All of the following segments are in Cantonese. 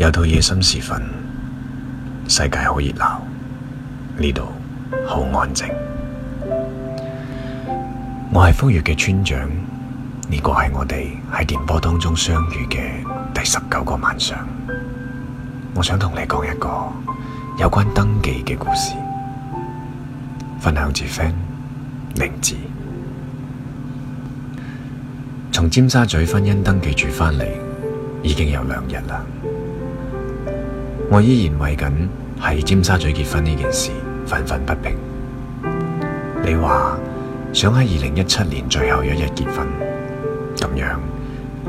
又到夜深時分，世界好熱鬧，呢度好安靜。我係福越嘅村長，呢個係我哋喺電波當中相遇嘅第十九個晚上。我想同你講一個有關登記嘅故事，分享至 friend 名字。從尖沙咀婚姻登記處翻嚟，已經有兩日啦。我依然為緊喺尖沙咀結婚呢件事憤憤不平。你話想喺二零一七年最後一日結婚，咁樣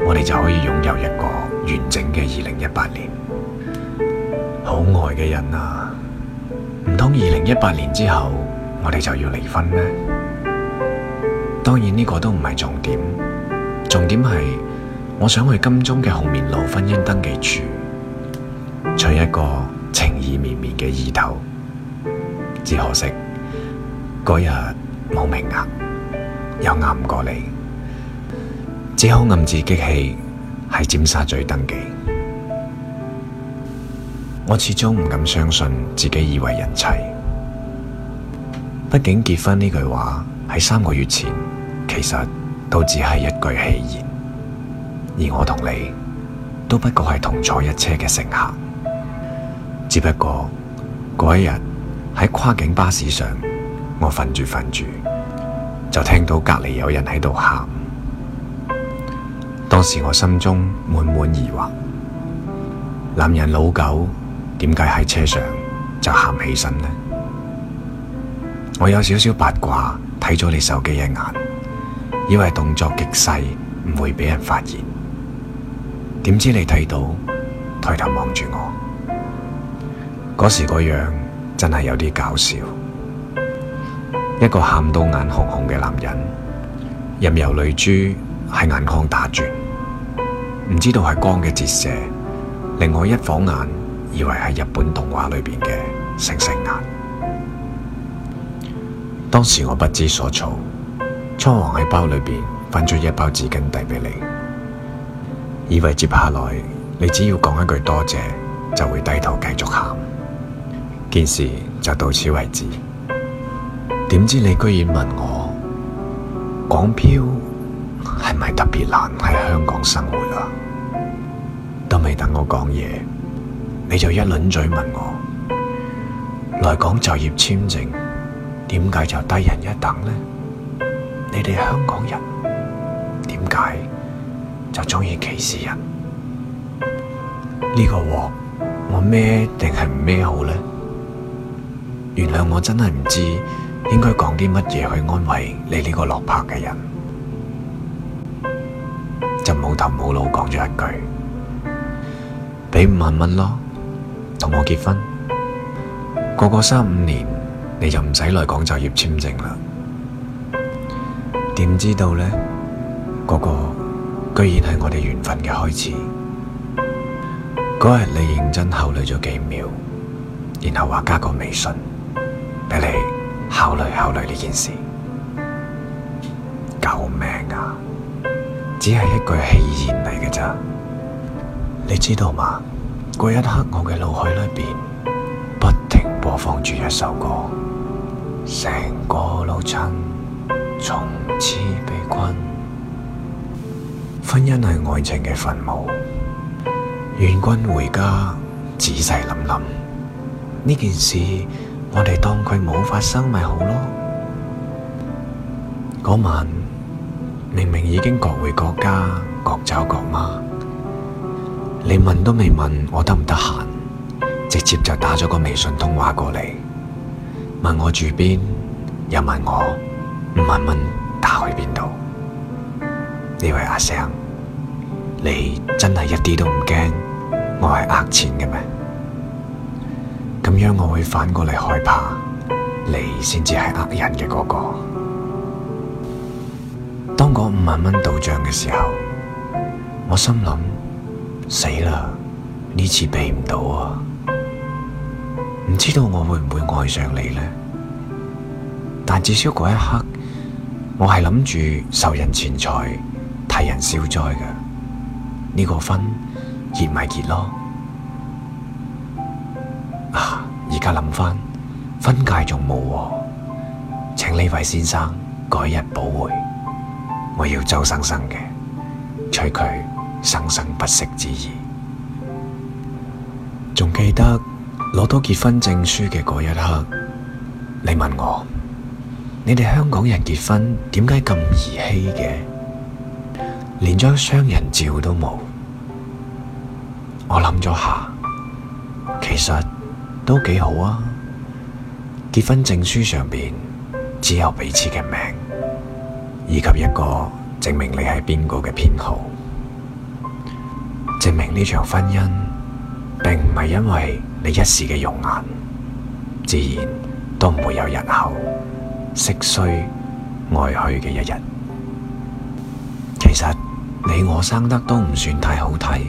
我哋就可以擁有一個完整嘅二零一八年。好愛嘅人啊，唔通二零一八年之後我哋就要離婚咩？當然呢個都唔係重點，重點係我想去金鐘嘅紅棉路婚姻登記處。取一個情意綿綿嘅意頭，只可惜嗰日冇名額，又啱唔過你。只好暗自激氣喺尖沙咀登記，我始終唔敢相信自己已為人妻。畢竟結婚呢句話喺三個月前，其實都只係一句戲言，而我同你都不過係同坐一車嘅乘客。只不過嗰一日喺跨境巴士上，我瞓住瞓住就聽到隔籬有人喺度喊。當時我心中滿滿疑惑：男人老狗點解喺車上就喊起身呢？我有少少八卦，睇咗你手機一眼，以為動作極細，唔會俾人發現。點知你睇到，抬頭望住我。嗰時個樣真係有啲搞笑，一個喊到眼紅紅嘅男人，任由淚珠喺眼眶打轉，唔知道係光嘅折射，令我一晃眼以為係日本動畫裏邊嘅星星眼。當時我不知所措，倉皇喺包裏邊翻出一包紙巾遞俾你，以為接下來你只要講一句多謝，就會低頭繼續喊。件事就到此為止。點知你居然問我港漂係咪特別難喺香港生活啊？都未等我講嘢，你就一輪嘴問我來港就業簽證點解就低人一等呢？你哋香港人點解就中意歧視人？這個、我我好呢個鑊我孭定係唔孭好咧？原諒我真係唔知應該講啲乜嘢去安慰你呢個落魄嘅人，就冇頭冇腦講咗一句：畀五萬蚊咯，同我結婚，過個三五年你就唔使來講就業簽證啦。點知道呢？嗰個居然係我哋緣分嘅開始。嗰日，你認真考慮咗幾秒，然後話加個微信。你嚟考慮考慮呢件事，救命啊！只係一句戲言嚟嘅咋，你知道嘛？嗰一刻我嘅腦海裏邊不停播放住一首歌，成個老親從此被困，婚姻係愛情嘅墳墓，願君回家仔細諗諗呢件事。我哋當佢冇發生咪好咯？嗰晚明明已經各回各家，各找各媽，你問都未問我得唔得閒，直接就打咗個微信通話過嚟，問我住邊，又問我五萬蚊打去邊度？呢位阿生，你真係一啲都唔驚我係呃錢嘅咩？咁樣我會反過嚟害怕，你先至係呃人嘅嗰個。當嗰五萬蚊到賬嘅時候，我心諗死啦，呢次避唔到啊！唔知道我會唔會愛上你呢？但至少嗰一刻，我係諗住受人錢財替人消災嘅，呢個婚，結咪結咯。而家諗返，婚戒仲冇，請呢位先生改日補回。我要周生生嘅，取佢生生不息之意。仲記得攞到結婚證書嘅嗰一刻，你問我：你哋香港人結婚點解咁兒戲嘅？連張雙人照都冇。我諗咗下，其實。都幾好啊！結婚證書上邊只有彼此嘅名，以及一個證明你係邊個嘅編號，證明呢場婚姻並唔係因為你一時嘅容顏，自然都唔會有日後色衰愛馳嘅一日。其實你我生得都唔算太好睇，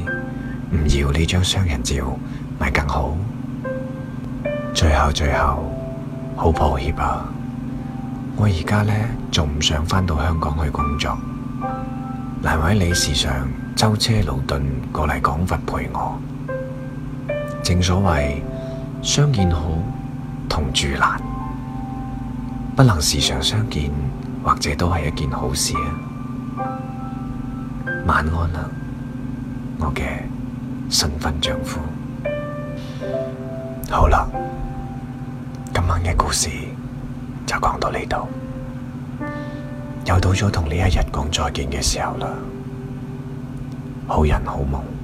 唔要呢張雙人照咪更好？最後最後，好抱歉啊！我而家呢，仲唔想返到香港去工作，難為你時常舟車勞頓過嚟廣佛陪我。正所謂相見好，同住難，不能時常相見，或者都係一件好事啊！晚安啦，啊，我嘅新婚丈夫。好啦。今晚嘅故事就講到呢度，又到咗同呢一日講再見嘅時候喇，好人好夢。